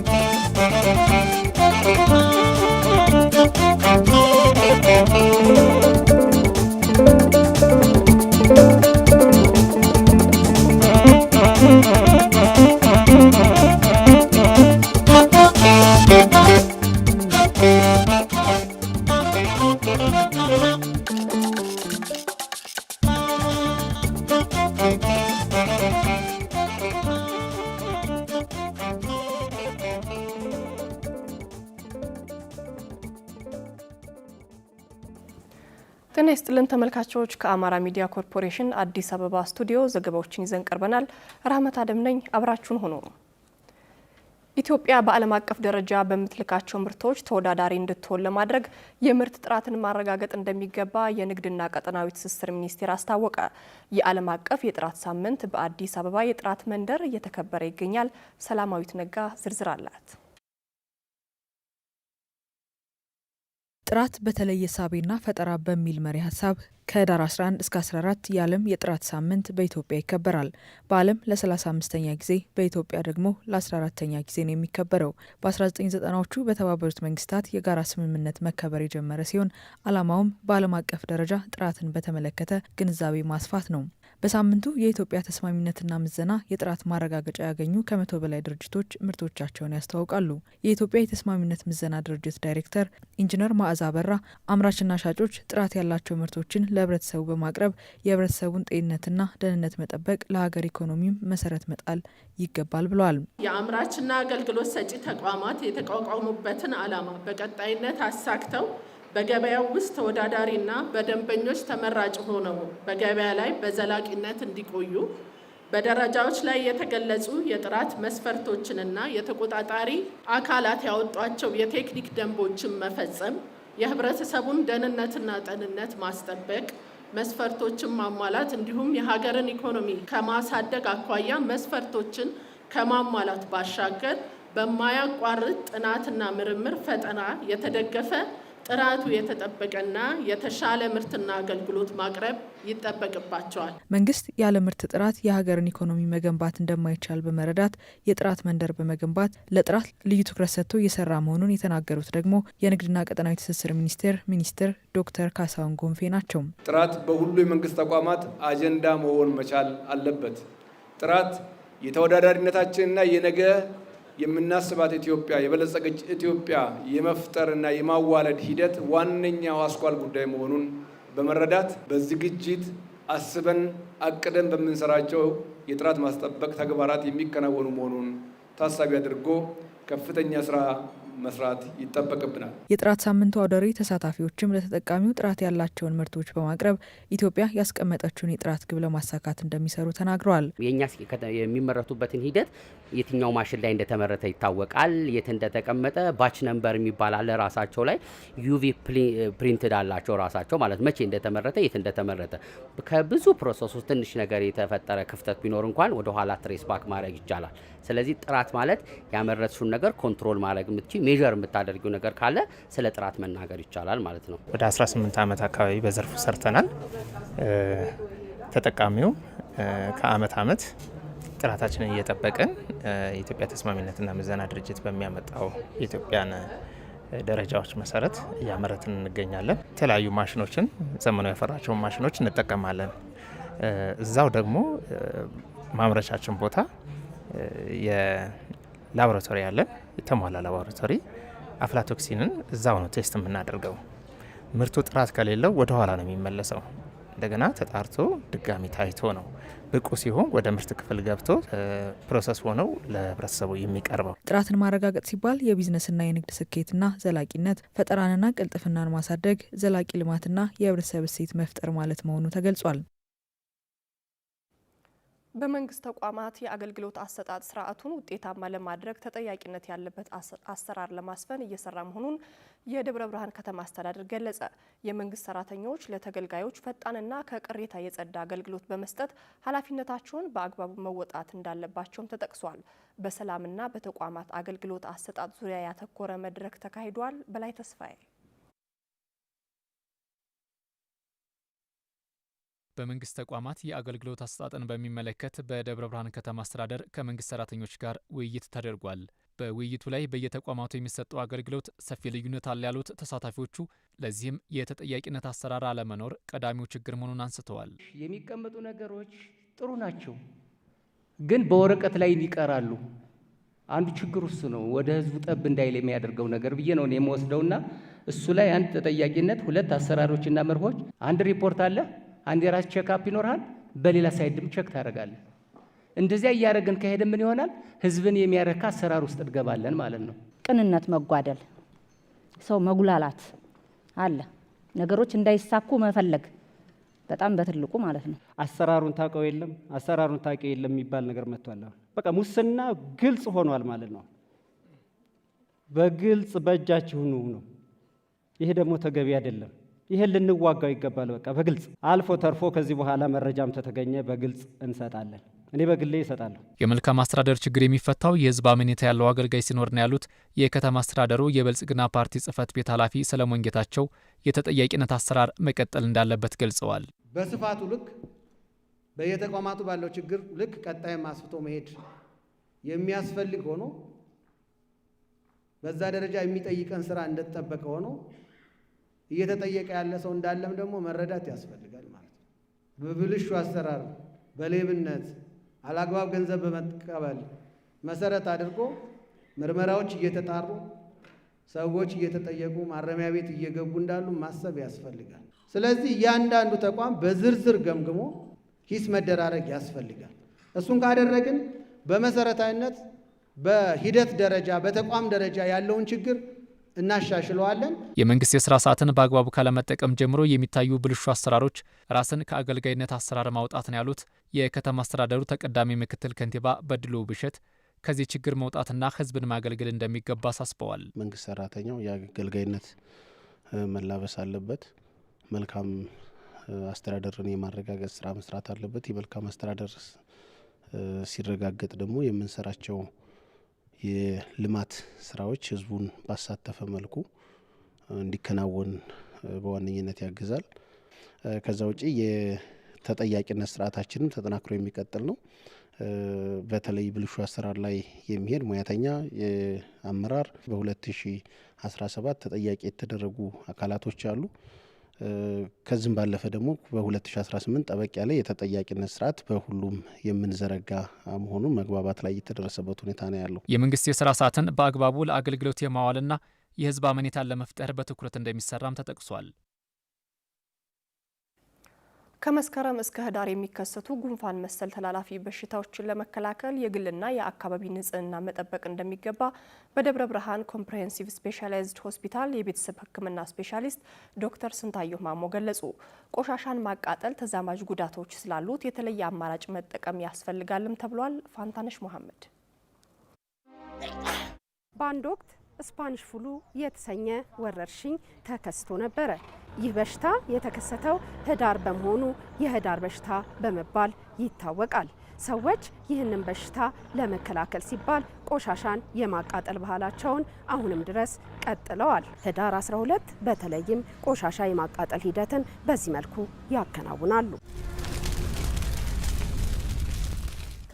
Bye. ጤና ይስጥልን ተመልካቾች፣ ከአማራ ሚዲያ ኮርፖሬሽን አዲስ አበባ ስቱዲዮ ዘገባዎችን ይዘን ቀርበናል። ረህመት አደም ነኝ፣ አብራችሁን ሆኖ ኢትዮጵያ በዓለም አቀፍ ደረጃ በምትልካቸው ምርቶች ተወዳዳሪ እንድትሆን ለማድረግ የምርት ጥራትን ማረጋገጥ እንደሚገባ የንግድና ቀጠናዊ ትስስር ሚኒስቴር አስታወቀ። የዓለም አቀፍ የጥራት ሳምንት በአዲስ አበባ የጥራት መንደር እየተከበረ ይገኛል። ሰላማዊት ነጋ ዝርዝር አላት። ጥራት በተለየ ሳቤና ፈጠራ በሚል መሪ ሀሳብ ከህዳር 11 እስከ 14 የዓለም የጥራት ሳምንት በኢትዮጵያ ይከበራል። በዓለም ለ35ኛ ጊዜ በኢትዮጵያ ደግሞ ለ14ኛ ጊዜ ነው የሚከበረው። በ1990ዎቹ በተባበሩት መንግስታት የጋራ ስምምነት መከበር የጀመረ ሲሆን ዓላማውም በዓለም አቀፍ ደረጃ ጥራትን በተመለከተ ግንዛቤ ማስፋት ነው። በሳምንቱ የኢትዮጵያ ተስማሚነትና ምዘና የጥራት ማረጋገጫ ያገኙ ከመቶ በላይ ድርጅቶች ምርቶቻቸውን ያስተዋውቃሉ። የኢትዮጵያ የተስማሚነት ምዘና ድርጅት ዳይሬክተር ኢንጂነር ማዕዛ በራ አምራችና ሻጮች ጥራት ያላቸው ምርቶችን ለህብረተሰቡ በማቅረብ የህብረተሰቡን ጤንነትና ደህንነት መጠበቅ ለሀገር ኢኮኖሚም መሰረት መጣል ይገባል ብለዋል። የአምራችና አገልግሎት ሰጪ ተቋማት የተቋቋሙበትን ዓላማ በቀጣይነት አሳክተው በገበያው ውስጥ ተወዳዳሪና በደንበኞች ተመራጭ ሆነው በገበያ ላይ በዘላቂነት እንዲቆዩ በደረጃዎች ላይ የተገለጹ የጥራት መስፈርቶችንና የተቆጣጣሪ አካላት ያወጧቸው የቴክኒክ ደንቦችን መፈጸም፣ የህብረተሰቡን ደህንነትና ጤንነት ማስጠበቅ መስፈርቶችን ማሟላት እንዲሁም የሀገርን ኢኮኖሚ ከማሳደግ አኳያ መስፈርቶችን ከማሟላት ባሻገር በማያቋርጥ ጥናትና ምርምር ፈጠና የተደገፈ ጥራቱ የተጠበቀና የተሻለ ምርትና አገልግሎት ማቅረብ ይጠበቅባቸዋል። መንግስት ያለ ምርት ጥራት የሀገርን ኢኮኖሚ መገንባት እንደማይቻል በመረዳት የጥራት መንደር በመገንባት ለጥራት ልዩ ትኩረት ሰጥቶ እየሰራ መሆኑን የተናገሩት ደግሞ የንግድና ቀጠናዊ ትስስር ሚኒስቴር ሚኒስትር ዶክተር ካሳሁን ጎንፌ ናቸው። ጥራት በሁሉ የመንግስት ተቋማት አጀንዳ መሆን መቻል አለበት። ጥራት የተወዳዳሪነታችንና የነገ የምናስባት ኢትዮጵያ የበለጸገች ኢትዮጵያ የመፍጠርና የማዋለድ ሂደት ዋነኛው አስኳል ጉዳይ መሆኑን በመረዳት በዝግጅት አስበን አቅደን በምንሰራቸው የጥራት ማስጠበቅ ተግባራት የሚከናወኑ መሆኑን ታሳቢ አድርጎ ከፍተኛ ስራ መስራት ይጠበቅብናል። የጥራት ሳምንቱ አውደ ርዕይ ተሳታፊዎችም ለተጠቃሚው ጥራት ያላቸውን ምርቶች በማቅረብ ኢትዮጵያ ያስቀመጠችውን የጥራት ግብ ለማሳካት እንደሚሰሩ ተናግረዋል። የእኛ የሚመረቱበትን ሂደት የትኛው ማሽን ላይ እንደተመረተ ይታወቃል። የት እንደተቀመጠ ባች ነንበር የሚባል አለ። ራሳቸው ላይ ዩቪ ፕሪንትድ አላቸው ራሳቸው ማለት መቼ እንደተመረተ የት እንደተመረተ ከብዙ ፕሮሰሱ ትንሽ ነገር የተፈጠረ ክፍተት ቢኖር እንኳን ወደኋላ ትሬስ ባክ ማድረግ ይቻላል። ስለዚህ ጥራት ማለት ያመረትሽውን ነገር ኮንትሮል ማድረግ ምቺ ሜዥር የምታደርጊው ነገር ካለ ስለ ጥራት መናገር ይቻላል ማለት ነው። ወደ 18 ዓመት አካባቢ በዘርፉ ሰርተናል። ተጠቃሚው ከአመት አመት ጥራታችንን እየጠበቅን የኢትዮጵያ ተስማሚነትና ምዘና ድርጅት በሚያመጣው የኢትዮጵያን ደረጃዎች መሰረት እያመረትን እንገኛለን። የተለያዩ ማሽኖችን ዘመናዊ የፈራቸውን ማሽኖች እንጠቀማለን። እዛው ደግሞ ማምረቻችን ቦታ ላቦራቶሪ አለ፣ የተሟላ ላቦራቶሪ አፍላቶክሲንን እዛው ነው ቴስት የምናደርገው። ምርቱ ጥራት ከሌለው ወደ ኋላ ነው የሚመለሰው። እንደገና ተጣርቶ ድጋሚ ታይቶ ነው ብቁ ሲሆን ወደ ምርት ክፍል ገብቶ ፕሮሰስ ሆነው ለህብረተሰቡ የሚቀርበው። ጥራትን ማረጋገጥ ሲባል የቢዝነስና የንግድ ስኬትና ዘላቂነት፣ ፈጠራንና ቅልጥፍናን ማሳደግ፣ ዘላቂ ልማትና የህብረተሰብ እሴት መፍጠር ማለት መሆኑ ተገልጿል። በመንግስት ተቋማት የአገልግሎት አሰጣጥ ስርዓቱን ውጤታማ ለማድረግ ተጠያቂነት ያለበት አሰራር ለማስፈን እየሰራ መሆኑን የደብረ ብርሃን ከተማ አስተዳደር ገለጸ። የመንግስት ሰራተኞች ለተገልጋዮች ፈጣንና ከቅሬታ የጸዳ አገልግሎት በመስጠት ኃላፊነታቸውን በአግባቡ መወጣት እንዳለባቸውም ተጠቅሷል። በሰላምና በተቋማት አገልግሎት አሰጣጥ ዙሪያ ያተኮረ መድረክ ተካሂዷል። በላይ ተስፋዬ በመንግስት ተቋማት የአገልግሎት አሰጣጥን በሚመለከት በደብረ ብርሃን ከተማ አስተዳደር ከመንግስት ሰራተኞች ጋር ውይይት ተደርጓል። በውይይቱ ላይ በየተቋማቱ የሚሰጠው አገልግሎት ሰፊ ልዩነት አለ ያሉት ተሳታፊዎቹ፣ ለዚህም የተጠያቂነት አሰራር አለመኖር ቀዳሚው ችግር መሆኑን አንስተዋል። የሚቀመጡ ነገሮች ጥሩ ናቸው፣ ግን በወረቀት ላይ ይቀራሉ። አንዱ ችግር እሱ ነው። ወደ ህዝቡ ጠብ እንዳይል የሚያደርገው ነገር ብዬ ነው የምወስደውና እሱ ላይ አንድ ተጠያቂነት፣ ሁለት አሰራሮችና መርሆች፣ አንድ ሪፖርት አለ አንድ የራስ ቼክአፕ ይኖርሃል፣ በሌላ ሳይድም ቼክ ታደርጋለህ። እንደዚያ እያደረግን ከሄደ ምን ይሆናል? ህዝብን የሚያረካ አሰራር ውስጥ እንገባለን ማለት ነው። ቅንነት መጓደል፣ ሰው መጉላላት አለ፣ ነገሮች እንዳይሳኩ መፈለግ በጣም በትልቁ ማለት ነው። አሰራሩን ታውቀው የለም አሰራሩን ታውቀው የለም የሚባል ነገር መጥቷል። በቃ ሙስና ግልጽ ሆኗል ማለት ነው። በግልጽ በእጃችሁ ነው። ይሄ ደግሞ ተገቢ አይደለም። ይሄን ልንዋጋው ይገባል። በቃ በግልጽ አልፎ ተርፎ ከዚህ በኋላ መረጃም ተተገኘ በግልጽ እንሰጣለን። እኔ በግሌ ይሰጣለሁ። የመልካም አስተዳደር ችግር የሚፈታው የህዝብ አመኔታ ያለው አገልጋይ ሲኖር ነው ያሉት የከተማ አስተዳደሩ የብልጽግና ፓርቲ ጽህፈት ቤት ኃላፊ ሰለሞን ጌታቸው የተጠያቂነት አሰራር መቀጠል እንዳለበት ገልጸዋል። በስፋቱ ልክ በየተቋማቱ ባለው ችግር ልክ ቀጣይም አስፍቶ መሄድ የሚያስፈልግ ሆኖ በዛ ደረጃ የሚጠይቀን ስራ እንደተጠበቀ ሆኖ እየተጠየቀ ያለ ሰው እንዳለም ደግሞ መረዳት ያስፈልጋል ማለት ነው። በብልሹ አሰራር፣ በሌብነት አላግባብ ገንዘብ በመቀበል መሰረት አድርጎ ምርመራዎች እየተጣሩ ሰዎች እየተጠየቁ ማረሚያ ቤት እየገቡ እንዳሉ ማሰብ ያስፈልጋል። ስለዚህ እያንዳንዱ ተቋም በዝርዝር ገምግሞ ሂስ መደራረግ ያስፈልጋል። እሱን ካደረግን በመሰረታዊነት በሂደት ደረጃ በተቋም ደረጃ ያለውን ችግር እናሻሽለዋለን። የመንግስት የስራ ሰዓትን በአግባቡ ካለመጠቀም ጀምሮ የሚታዩ ብልሹ አሰራሮች ራስን ከአገልጋይነት አሰራር ማውጣት ነው ያሉት የከተማ አስተዳደሩ ተቀዳሚ ምክትል ከንቲባ በድሉ ብሸት ከዚህ ችግር መውጣትና ህዝብን ማገልገል እንደሚገባ አሳስበዋል። መንግስት ሰራተኛው የአገልጋይነት መላበስ አለበት። መልካም አስተዳደርን የማረጋገጥ ስራ መስራት አለበት። የመልካም አስተዳደር ሲረጋገጥ ደግሞ የምንሰራቸው የልማት ስራዎች ህዝቡን ባሳተፈ መልኩ እንዲከናወን በዋነኝነት ያግዛል። ከዛ ውጪ የተጠያቂነት ስርዓታችንም ተጠናክሮ የሚቀጥል ነው። በተለይ ብልሹ አሰራር ላይ የሚሄድ ሙያተኛ አመራር በ2017 ተጠያቂ የተደረጉ አካላቶች አሉ። ከዚህም ባለፈ ደግሞ በ2018 ጠበቅ ያለ የተጠያቂነት ስርዓት በሁሉም የምንዘረጋ መሆኑን መግባባት ላይ የተደረሰበት ሁኔታ ነው ያለው። የመንግስት የስራ ሰዓትን በአግባቡ ለአገልግሎት የማዋልና የህዝብ አመኔታን ለመፍጠር በትኩረት እንደሚሰራም ተጠቅሷል። ከመስከረም እስከ ህዳር የሚከሰቱ ጉንፋን መሰል ተላላፊ በሽታዎችን ለመከላከል የግልና የአካባቢ ንጽህና መጠበቅ እንደሚገባ በደብረ ብርሃን ኮምፕሬሄንሲቭ ስፔሻላይዝድ ሆስፒታል የቤተሰብ ሕክምና ስፔሻሊስት ዶክተር ስንታየሁ ማሞ ገለጹ። ቆሻሻን ማቃጠል ተዛማጅ ጉዳቶች ስላሉት የተለየ አማራጭ መጠቀም ያስፈልጋልም ተብሏል። ፋንታነሽ መሐመድ በአንድ ወቅት ስፓኒሽ ፍሉ የተሰኘ ወረርሽኝ ተከስቶ ነበረ። ይህ በሽታ የተከሰተው ህዳር በመሆኑ የህዳር በሽታ በመባል ይታወቃል። ሰዎች ይህንን በሽታ ለመከላከል ሲባል ቆሻሻን የማቃጠል ባህላቸውን አሁንም ድረስ ቀጥለዋል። ህዳር 12 በተለይም ቆሻሻ የማቃጠል ሂደትን በዚህ መልኩ ያከናውናሉ።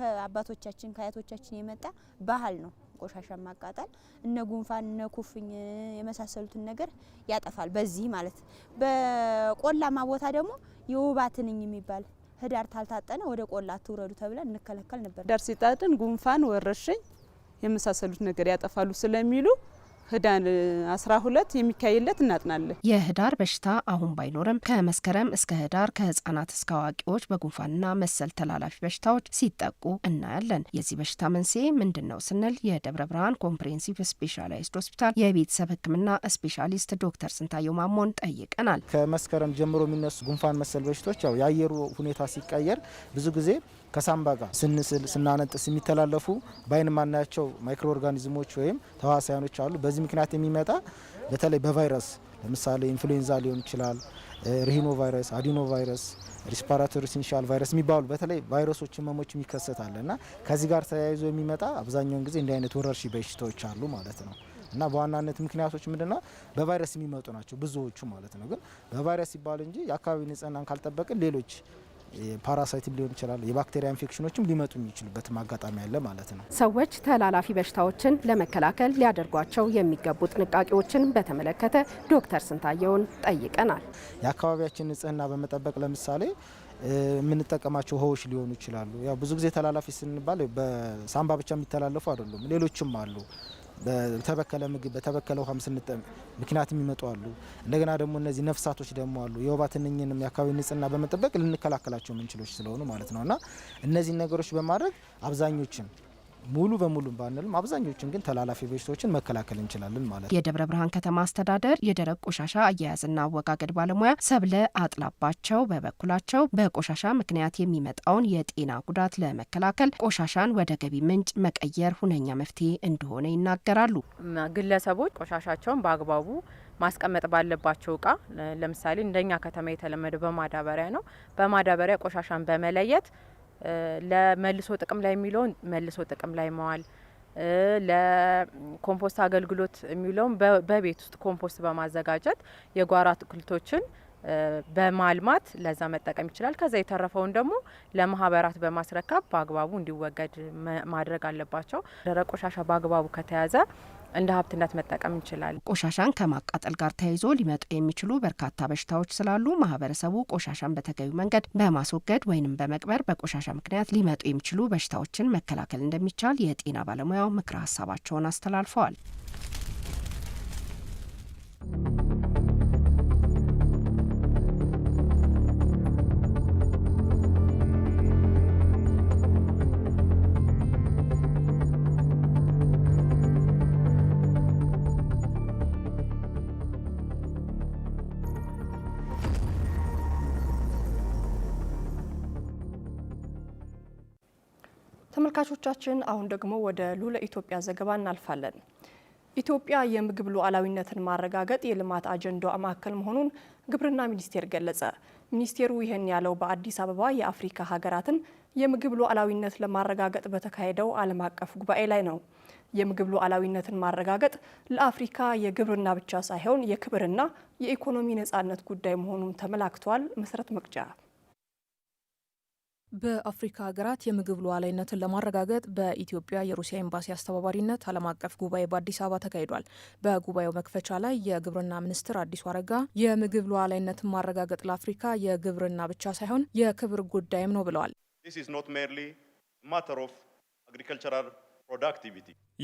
ከአባቶቻችን ከአያቶቻችን የመጣ ባህል ነው። ቆሻሻ ማቃጠል እነ ጉንፋን እነ ኩፍኝ የመሳሰሉትን ነገር ያጠፋል። በዚህ ማለት በቆላማ ቦታ ደግሞ የወባ ትንኝ የሚባል ህዳር ታልታጠነ ወደ ቆላ አትውረዱ ተብለን እንከለከል ነበር። ህዳር ሲጣጥን ጉንፋን፣ ወረርሽኝ የመሳሰሉት ነገር ያጠፋሉ ስለሚሉ ህዳር 12 የሚካሄለት እናጥናለን። የህዳር በሽታ አሁን ባይኖርም ከመስከረም እስከ ህዳር ከህጻናት እስከ አዋቂዎች በጉንፋንና መሰል ተላላፊ በሽታዎች ሲጠቁ እናያለን። የዚህ በሽታ መንስኤ ምንድን ነው ስንል የደብረ ብርሃን ኮምፕሬሄንሲቭ ስፔሻላይዝድ ሆስፒታል የቤተሰብ ህክምና ስፔሻሊስት ዶክተር ስንታየው ማሞን ጠይቀናል። ከመስከረም ጀምሮ የሚነሱ ጉንፋን መሰል በሽታዎች ያው የአየሩ ሁኔታ ሲቀየር ብዙ ጊዜ ከሳምባ ጋር ስንስል ስናነጥስ የሚተላለፉ በአይን ማናያቸው ማይክሮ ኦርጋኒዝሞች ወይም ተዋሳያኖች አሉ። በዚህ ምክንያት የሚመጣ በተለይ በቫይረስ ለምሳሌ ኢንፍሉዌንዛ ሊሆን ይችላል፣ ሪሂኖ ቫይረስ፣ አዲኖ ቫይረስ፣ ሪስፓራቶሪ ሲንሻል ቫይረስ የሚባሉ በተለይ ቫይረሶች ህመሞች ይከሰታል እና ከዚህ ጋር ተያይዞ የሚመጣ አብዛኛውን ጊዜ እንዲህ አይነት ወረርሽኝ በሽታዎች አሉ ማለት ነው። እና በዋናነት ምክንያቶች ምንድነው? በቫይረስ የሚመጡ ናቸው ብዙዎቹ ማለት ነው። ግን በቫይረስ ይባል እንጂ የአካባቢ ንጽህናን ካልጠበቅን ሌሎች ፓራሳይትም ሊሆን ይችላል የባክቴሪያ ኢንፌክሽኖችም ሊመጡ የሚችሉበትም አጋጣሚ አለ ማለት ነው። ሰዎች ተላላፊ በሽታዎችን ለመከላከል ሊያደርጓቸው የሚገቡ ጥንቃቄዎችን በተመለከተ ዶክተር ስንታየውን ጠይቀናል። የአካባቢያችን ንጽህና በመጠበቅ ለምሳሌ የምንጠቀማቸው ውሃዎች ሊሆኑ ይችላሉ። ያው ብዙ ጊዜ ተላላፊ ስንባል በሳንባ ብቻ የሚተላለፉ አይደሉም፣ ሌሎችም አሉ በተበከለ ምግብ በተበከለ ውሃም ስንጠም ምክንያት የሚመጡ አሉ። እንደገና ደግሞ እነዚህ ነፍሳቶች ደግሞ አሉ። የወባ ትንኝንም የአካባቢ ንጽህና በመጠበቅ ልንከላከላቸው ምንችሎች ስለሆኑ ማለት ነው እና እነዚህን ነገሮች በማድረግ አብዛኞችን ሙሉ በሙሉ ባንልም አብዛኞቹን ግን ተላላፊ በሽታዎችን መከላከል እንችላለን ማለት ነው። የደብረ ብርሃን ከተማ አስተዳደር የደረቅ ቆሻሻ አያያዝና አወጋገድ ባለሙያ ሰብለ አጥላባቸው በበኩላቸው በቆሻሻ ምክንያት የሚመጣውን የጤና ጉዳት ለመከላከል ቆሻሻን ወደ ገቢ ምንጭ መቀየር ሁነኛ መፍትሄ እንደሆነ ይናገራሉ። ግለሰቦች ቆሻሻቸውን በአግባቡ ማስቀመጥ ባለባቸው እቃ ለምሳሌ እንደኛ ከተማ የተለመደ በማዳበሪያ ነው። በማዳበሪያ ቆሻሻን በመለየት ለመልሶ ጥቅም ላይ የሚውለውን መልሶ ጥቅም ላይ መዋል ለኮምፖስት አገልግሎት የሚውለውን በቤት ውስጥ ኮምፖስት በማዘጋጀት የጓሮ አትክልቶችን በማልማት ለዛ መጠቀም ይችላል። ከዛ የተረፈውን ደግሞ ለማህበራት በማስረከብ በአግባቡ እንዲወገድ ማድረግ አለባቸው። ደረቅ ቆሻሻ በአግባቡ ከተያዘ እንደ ሀብትነት መጠቀም እንችላለን። ቆሻሻን ከማቃጠል ጋር ተያይዞ ሊመጡ የሚችሉ በርካታ በሽታዎች ስላሉ ማህበረሰቡ ቆሻሻን በተገቢ መንገድ በማስወገድ ወይንም በመቅበር በቆሻሻ ምክንያት ሊመጡ የሚችሉ በሽታዎችን መከላከል እንደሚቻል የጤና ባለሙያው ምክረ ሀሳባቸውን አስተላልፈዋል። ተመልካቾቻችን አሁን ደግሞ ወደ ሉለ ኢትዮጵያ ዘገባ እናልፋለን። ኢትዮጵያ የምግብ ሉዓላዊነትን ማረጋገጥ የልማት አጀንዳዋ ማዕከል መሆኑን ግብርና ሚኒስቴር ገለጸ። ሚኒስቴሩ ይህን ያለው በአዲስ አበባ የአፍሪካ ሀገራትን የምግብ ሉዓላዊነት ለማረጋገጥ በተካሄደው ዓለም አቀፍ ጉባኤ ላይ ነው። የምግብ ሉዓላዊነትን ማረጋገጥ ለአፍሪካ የግብርና ብቻ ሳይሆን የክብርና የኢኮኖሚ ነጻነት ጉዳይ መሆኑን ተመላክቷል። መሰረት መቅጫ በአፍሪካ ሀገራት የምግብ ሉዓላዊነትን ለማረጋገጥ በኢትዮጵያ የሩሲያ ኤምባሲ አስተባባሪነት ዓለም አቀፍ ጉባኤ በአዲስ አበባ ተካሂዷል። በጉባኤው መክፈቻ ላይ የግብርና ሚኒስትር አዲሱ አረጋ የምግብ ሉዓላዊነትን ማረጋገጥ ለአፍሪካ የግብርና ብቻ ሳይሆን የክብር ጉዳይም ነው ብለዋል።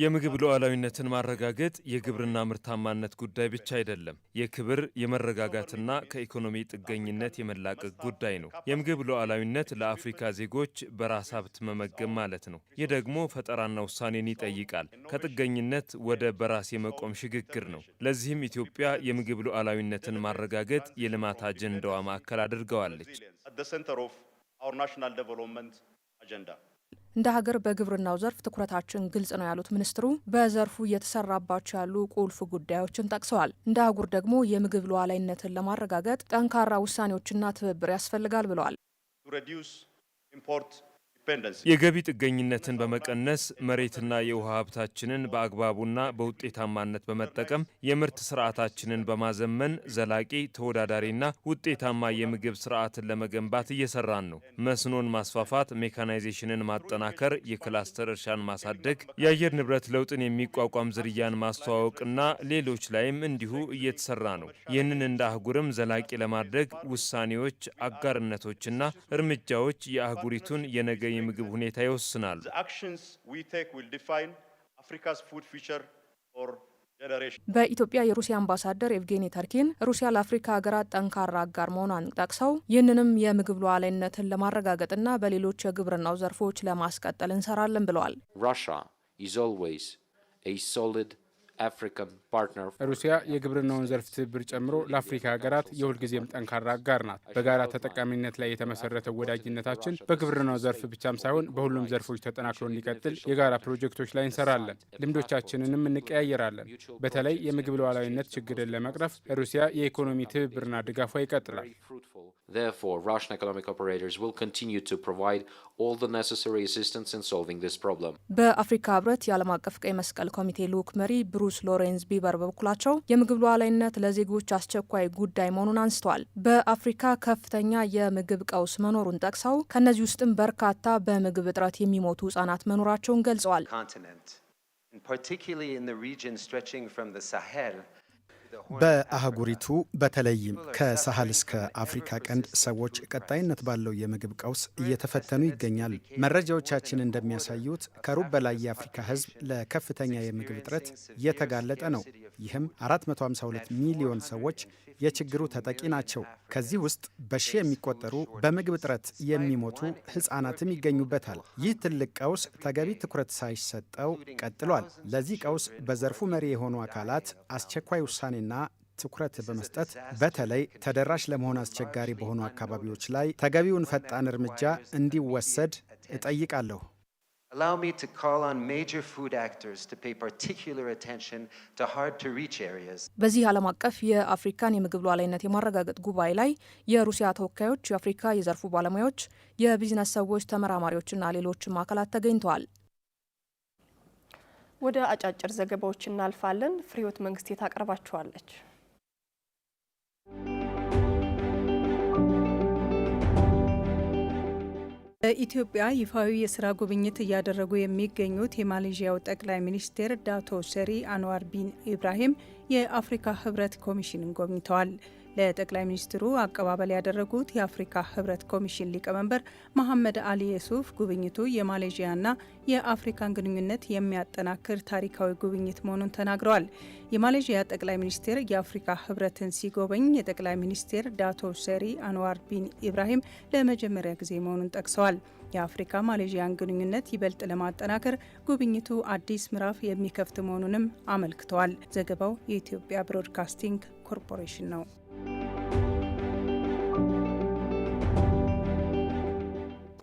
የምግብ ሉዓላዊነትን ማረጋገጥ የግብርና ምርታማነት ጉዳይ ብቻ አይደለም። የክብር የመረጋጋትና ከኢኮኖሚ ጥገኝነት የመላቀቅ ጉዳይ ነው። የምግብ ሉዓላዊነት ለአፍሪካ ዜጎች በራስ ሀብት መመገብ ማለት ነው። ይህ ደግሞ ፈጠራና ውሳኔን ይጠይቃል። ከጥገኝነት ወደ በራስ የመቆም ሽግግር ነው። ለዚህም ኢትዮጵያ የምግብ ሉዓላዊነትን ማረጋገጥ የልማት አጀንዳዋ ማዕከል አድርገዋለች። እንደ ሀገር በግብርናው ዘርፍ ትኩረታችን ግልጽ ነው ያሉት ሚኒስትሩ በዘርፉ እየተሰራባቸው ያሉ ቁልፍ ጉዳዮችን ጠቅሰዋል። እንደ አህጉር ደግሞ የምግብ ሉዓላዊነትን ለማረጋገጥ ጠንካራ ውሳኔዎችና ትብብር ያስፈልጋል ብለዋል። የገቢ ጥገኝነትን በመቀነስ መሬትና የውሃ ሀብታችንን በአግባቡና በውጤታማነት በመጠቀም የምርት ስርዓታችንን በማዘመን ዘላቂ ተወዳዳሪና ውጤታማ የምግብ ስርዓትን ለመገንባት እየሰራን ነው። መስኖን ማስፋፋት፣ ሜካናይዜሽንን ማጠናከር፣ የክላስተር እርሻን ማሳደግ፣ የአየር ንብረት ለውጥን የሚቋቋም ዝርያን ማስተዋወቅና ሌሎች ላይም እንዲሁ እየተሰራ ነው። ይህንን እንደ አህጉርም ዘላቂ ለማድረግ ውሳኔዎች፣ አጋርነቶችና እርምጃዎች የአህጉሪቱን የነገ የምግብ ሁኔታ ይወስናሉ። በኢትዮጵያ የሩሲያ አምባሳደር ኤቭጌኒ ተርኪን ሩሲያ ለአፍሪካ ሀገራት ጠንካራ አጋር መሆኗን ጠቅሰው ይህንንም የምግብ ሉዓላዊነትን ለማረጋገጥና በሌሎች የግብርናው ዘርፎች ለማስቀጠል እንሰራለን ብለዋል። ሩሲያ የግብርናውን ዘርፍ ትብብር ጨምሮ ለአፍሪካ ሀገራት የሁልጊዜም ጠንካራ አጋር ናት። በጋራ ተጠቃሚነት ላይ የተመሰረተው ወዳጅነታችን በግብርናው ዘርፍ ብቻም ሳይሆን በሁሉም ዘርፎች ተጠናክሮ እንዲቀጥል የጋራ ፕሮጀክቶች ላይ እንሰራለን፣ ልምዶቻችንንም እንቀያየራለን። በተለይ የምግብ ሉዓላዊነት ችግርን ለመቅረፍ ሩሲያ የኢኮኖሚ ትብብርና ድጋፏ ይቀጥላል። Therefore, Russian economic operators will continue to provide all the necessary assistance in solving this problem. በአፍሪካ ህብረት የዓለም አቀፍ ቀይ መስቀል ኮሚቴ ልዑክ መሪ ብሩስ ሎሬንስ ቢበር በበኩላቸው የምግብ ሉዓላዊነት ለዜጎች አስቸኳይ ጉዳይ መሆኑን አንስተዋል። በአፍሪካ ከፍተኛ የምግብ ቀውስ መኖሩን ጠቅሰው ከእነዚህ ውስጥም በርካታ በምግብ እጥረት የሚሞቱ ህጻናት መኖራቸውን ገልጸዋል። በአህጉሪቱ በተለይም ከሳህል እስከ አፍሪካ ቀንድ ሰዎች ቀጣይነት ባለው የምግብ ቀውስ እየተፈተኑ ይገኛል። መረጃዎቻችን እንደሚያሳዩት ከሩብ በላይ የአፍሪካ ሕዝብ ለከፍተኛ የምግብ እጥረት እየተጋለጠ ነው። ይህም 452 ሚሊዮን ሰዎች የችግሩ ተጠቂ ናቸው። ከዚህ ውስጥ በሺህ የሚቆጠሩ በምግብ እጥረት የሚሞቱ ሕፃናትም ይገኙበታል። ይህ ትልቅ ቀውስ ተገቢ ትኩረት ሳይሰጠው ቀጥሏል። ለዚህ ቀውስ በዘርፉ መሪ የሆኑ አካላት አስቸኳይ ውሳኔ ግንዛቤና ትኩረት በመስጠት በተለይ ተደራሽ ለመሆን አስቸጋሪ በሆኑ አካባቢዎች ላይ ተገቢውን ፈጣን እርምጃ እንዲወሰድ እጠይቃለሁ። በዚህ ዓለም አቀፍ የአፍሪካን የምግብ ሉዓላዊነት የማረጋገጥ ጉባኤ ላይ የሩሲያ ተወካዮች፣ የአፍሪካ የዘርፉ ባለሙያዎች፣ የቢዝነስ ሰዎች፣ ተመራማሪዎችና ሌሎችም አካላት ተገኝተዋል። ወደ አጫጭር ዘገባዎች እናልፋለን። ፍሬህይወት መንግስቴ ታቀርባችኋለች። በኢትዮጵያ ይፋዊ የስራ ጉብኝት እያደረጉ የሚገኙት የማሌዥያው ጠቅላይ ሚኒስትር ዳቶ ሰሪ አንዋር ቢን ኢብራሂም የአፍሪካ ህብረት ኮሚሽንን ጎብኝተዋል። ለጠቅላይ ሚኒስትሩ አቀባበል ያደረጉት የአፍሪካ ህብረት ኮሚሽን ሊቀመንበር መሐመድ አሊ የሱፍ ጉብኝቱ የማሌዥያና የአፍሪካን ግንኙነት የሚያጠናክር ታሪካዊ ጉብኝት መሆኑን ተናግረዋል። የማሌዥያ ጠቅላይ ሚኒስትር የአፍሪካ ህብረትን ሲጎበኝ የጠቅላይ ሚኒስትር ዳቶ ሰሪ አንዋር ቢን ኢብራሂም ለመጀመሪያ ጊዜ መሆኑን ጠቅሰዋል። የአፍሪካ ማሌዥያን ግንኙነት ይበልጥ ለማጠናከር ጉብኝቱ አዲስ ምዕራፍ የሚከፍት መሆኑንም አመልክተዋል። ዘገባው የኢትዮጵያ ብሮድካስቲንግ ኮርፖሬሽን ነው።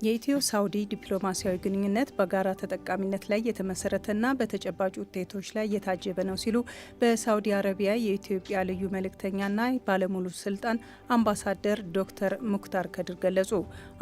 የኢትዮ ሳውዲ ዲፕሎማሲያዊ ግንኙነት በጋራ ተጠቃሚነት ላይ የተመሰረተና በተጨባጭ ውጤቶች ላይ የታጀበ ነው ሲሉ በሳውዲ አረቢያ የኢትዮጵያ ልዩ መልእክተኛና ባለሙሉ ስልጣን አምባሳደር ዶክተር ሙክታር ከድር ገለጹ።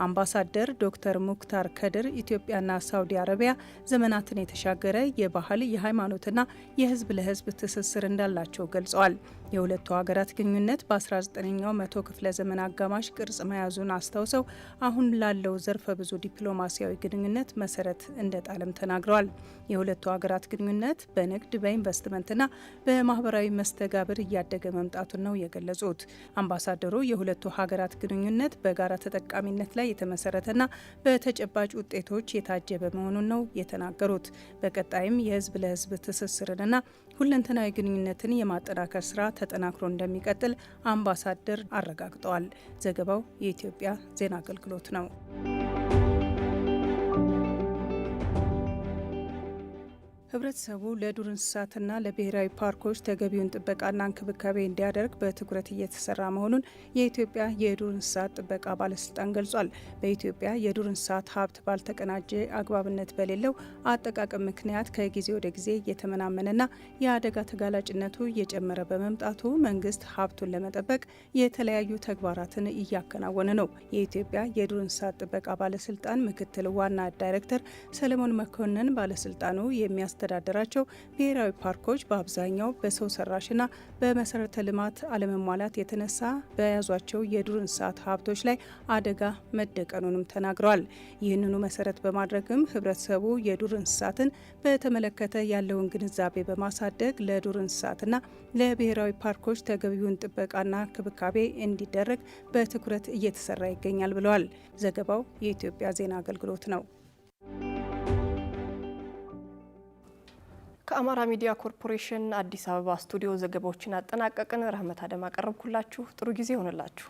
አምባሳደር ዶክተር ሙክታር ከድር ኢትዮጵያና ሳውዲ አረቢያ ዘመናትን የተሻገረ የባህል የሃይማኖትና የህዝብ ለህዝብ ትስስር እንዳላቸው ገልጸዋል። የሁለቱ ሀገራት ግንኙነት በ19ኛው መቶ ክፍለ ዘመን አጋማሽ ቅርጽ መያዙን አስታውሰው አሁን ላለው ዘርፈ ብዙ ዲፕሎማሲያዊ ግንኙነት መሰረት እንደጣለም ተናግረዋል። የሁለቱ ሀገራት ግንኙነት በንግድ በኢንቨስትመንትና በማህበራዊ መስተጋብር እያደገ መምጣቱን ነው የገለጹት። አምባሳደሩ የሁለቱ ሀገራት ግንኙነት በጋራ ተጠቃሚነት ላይ የተመሰረተና በተጨባጭ ውጤቶች የታጀበ መሆኑን ነው የተናገሩት። በቀጣይም የህዝብ ለህዝብ ትስስርንና ሁለንተናዊ ግንኙነትን የማጠናከር ስራ ተጠናክሮ እንደሚቀጥል አምባሳደር አረጋግጠዋል። ዘገባው የኢትዮጵያ ዜና አገልግሎት ነው። ህብረተሰቡ ለዱር እንስሳትና ለብሔራዊ ፓርኮች ተገቢውን ጥበቃና እንክብካቤ እንዲያደርግ በትኩረት እየተሰራ መሆኑን የኢትዮጵያ የዱር እንስሳት ጥበቃ ባለስልጣን ገልጿል። በኢትዮጵያ የዱር እንስሳት ሀብት ባልተቀናጀ አግባብነት በሌለው አጠቃቀም ምክንያት ከጊዜ ወደ ጊዜ እየተመናመነና የአደጋ ተጋላጭነቱ እየጨመረ በመምጣቱ መንግስት ሀብቱን ለመጠበቅ የተለያዩ ተግባራትን እያከናወነ ነው። የኢትዮጵያ የዱር እንስሳት ጥበቃ ባለስልጣን ምክትል ዋና ዳይሬክተር ሰለሞን መኮንን ባለስልጣኑ የሚያስ የሚያስተዳድራቸው ብሔራዊ ፓርኮች በአብዛኛው በሰው ሰራሽና በመሰረተ ልማት አለመሟላት የተነሳ በያዟቸው የዱር እንስሳት ሀብቶች ላይ አደጋ መደቀኑንም ተናግረዋል። ይህንኑ መሰረት በማድረግም ህብረተሰቡ የዱር እንስሳትን በተመለከተ ያለውን ግንዛቤ በማሳደግ ለዱር እንስሳትና ለብሔራዊ ፓርኮች ተገቢውን ጥበቃና ክብካቤ እንዲደረግ በትኩረት እየተሰራ ይገኛል ብለዋል። ዘገባው የኢትዮጵያ ዜና አገልግሎት ነው። ከአማራ ሚዲያ ኮርፖሬሽን አዲስ አበባ ስቱዲዮ ዘገባዎችን አጠናቀቅን። ረህመት አደም አቀረብኩላችሁ። ጥሩ ጊዜ ይሆንላችሁ።